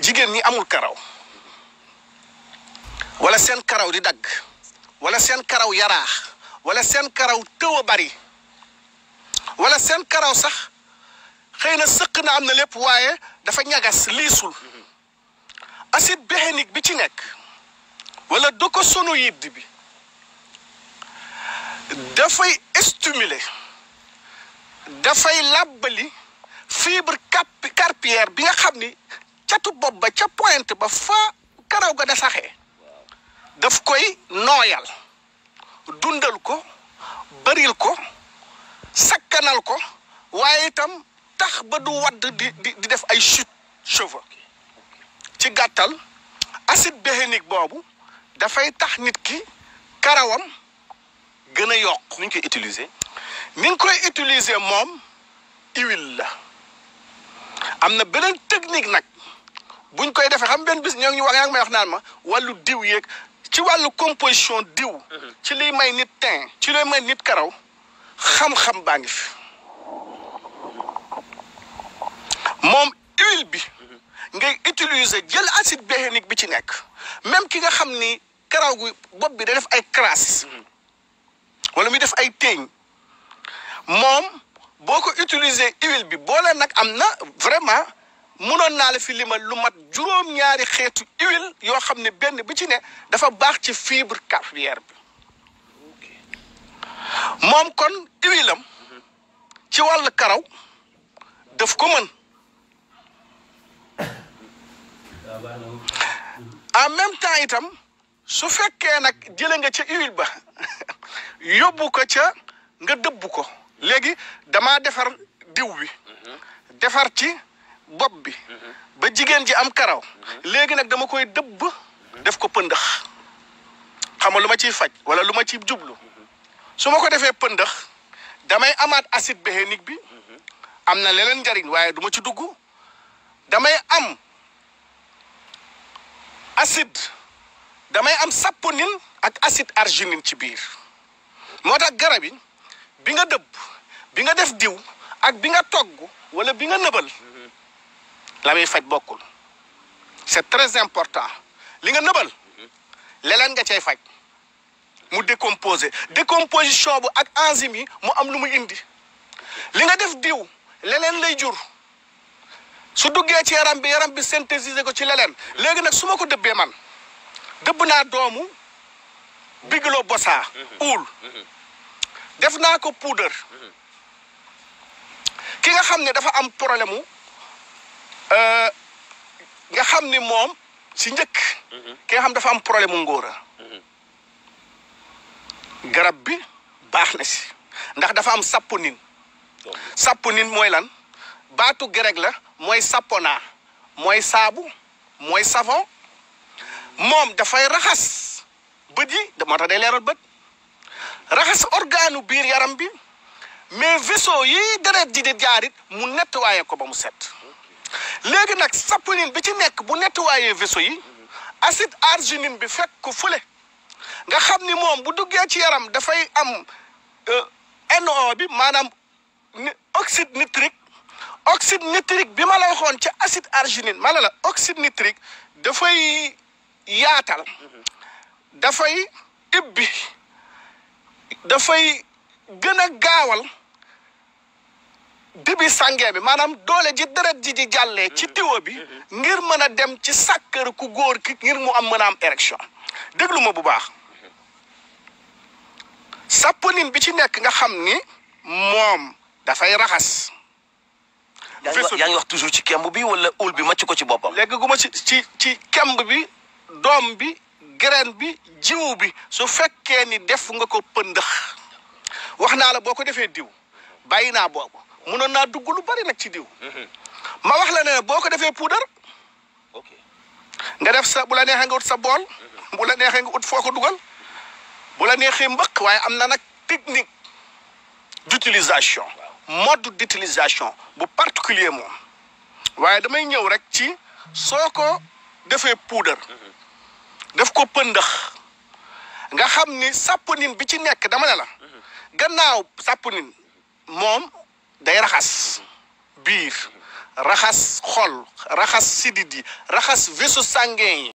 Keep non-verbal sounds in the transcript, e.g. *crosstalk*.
jigen ñi amul karaw wala sen karaw di dag wala sen karaw yara wala sen karaw tëw bari wala sen karaw sax xeyna sekk na amna lépp waye dafa ñagas liisul acide béhénique bi ci nek wala docosanoïde bi da dafay stimuler fay labali fibre carpière bi nga xamni catu bopp ba ca pointe ba fa karaw ga da saxee daf koy nooyal dundal ko bëril ko sakkanal ko waaye itam tax ba du wadd di def ay chute cheveux ci gàttal acide béhénique boobu dafay tax nit ki karawam gën a yokk ni koy utiliser ni ñu koy utiliser moom huile la am na beneen technique nag buñ koy xam de bis ñoo wax may wax naan ma diw ci composition diw. Mhm. ci may nit ci may nit karaw xam-xam huile bi mhm. ngay utiliser jël acide bi ci même ki nga xam ni karaw gu bop bi da def ay crasse mhm. wala def ay utiliser huile bi vraiment. mënoon naa la fi lu mat juróom-ñaari xeetu huile yoo xam ne benn bu ci ne dafa baax ci fibre capillaire bi moom kon huile am ci wàllu karaw daf ko mën en même temps itam su fekkee nag jële nga ca huile ba *laughs* yóbbu ko ca nga dëbbu ko léegi dama defar diw bi mhm. defar ci bopp bi ba jigéen ji am karaw léegi nag dama koy dëbb def ko pëndax xam nga lu ma ciy faj wala lu ma ciy jublu su ma ko defee pëndax damay amaat acide béhénique bi am na leneen njariñ waaye du ma ci dugg damay am acide damay am saponine ak acide arginine ci biir moo tax garab yi bi nga dëbb bi nga def diw ak bi nga togg wala bi nga nëbal la muy faj bokkul c'est très important li nga nëbal mhm. leneen nga cay faj mu décomposé décomposition bu ak ensimi mu am lu mu indi li nga def diw leneen lay jur su duggee ci yaram bi yaram bi synthétiser ko ci leneen léegi nag su ma ko dëbbee man dëbb naa doomu bigeloo bosaa mhm. uul mhm. def naa ko poudre ki nga xam ne dafa am problème mu Euh, nga xam ni moom si njëkk. Mhm. ki xam dafa am problème mu ngóora. Mhm. garab bi baax na si ndax dafa am saponin. saponin mooy lan baatu grec la mooy sapona mooy saabu mooy savon moom dafay raxas bët yi moo tax day leeral bët raxas organu biir yaram bi mais veso yi deret ji di jaarit mu waaye ko ba mu set. léegi nag saponine bi ci nekk bu nettoyé vaisseau yi acide arginine bi fekk ko fële nga xam ni moom bu duggee ci yaram dafay am euh, NO bi maanaam oxyde nitrique oxyde nitrique bi ma la waxoon ci acide arginine ma ne la oxyde nitrique dafay yaatal dafay ibbi dafay gën a gaawal dibi sangee bi maanaam doole ji deret ji di jàllee ci tiwo bi ngir mën a dem ci sàkkër ku góor ki ngir mu am mën a am érection déglu ma bu baax saponine bi ci nekk nga xam ni moom dafay raxas. yaa ngi wax toujours ci kemb bi wala ul bi macc ko ci boppam. léegi gu ci ci ci kemb bi doom bi gren bi jiw bi su fekkee ni def nga ko pëndëx wax naa la boo ko defee diw bàyyi naa boobu. munoon naa dugg lu bari nag ci diw. Mhm. ma wax la ne boo ko defee puudar. nga def sa bu la neexee nga ut sa bool. Mhm. bu la neexee nga ut foo ko dugal. bula la neexee mbëq waaye am na nag technique d'utilisation. mode d'utilisation bu particulier moom. waaye damay ñëw rek ci soo ko defee puudar. Mhm. def ko pëndax nga xam ni saponine bi ci nekk dama ne la. gannaaw saponine moom. day raxas biir raxas xol raxas sidit yi raxas vaisseaux sanguins yi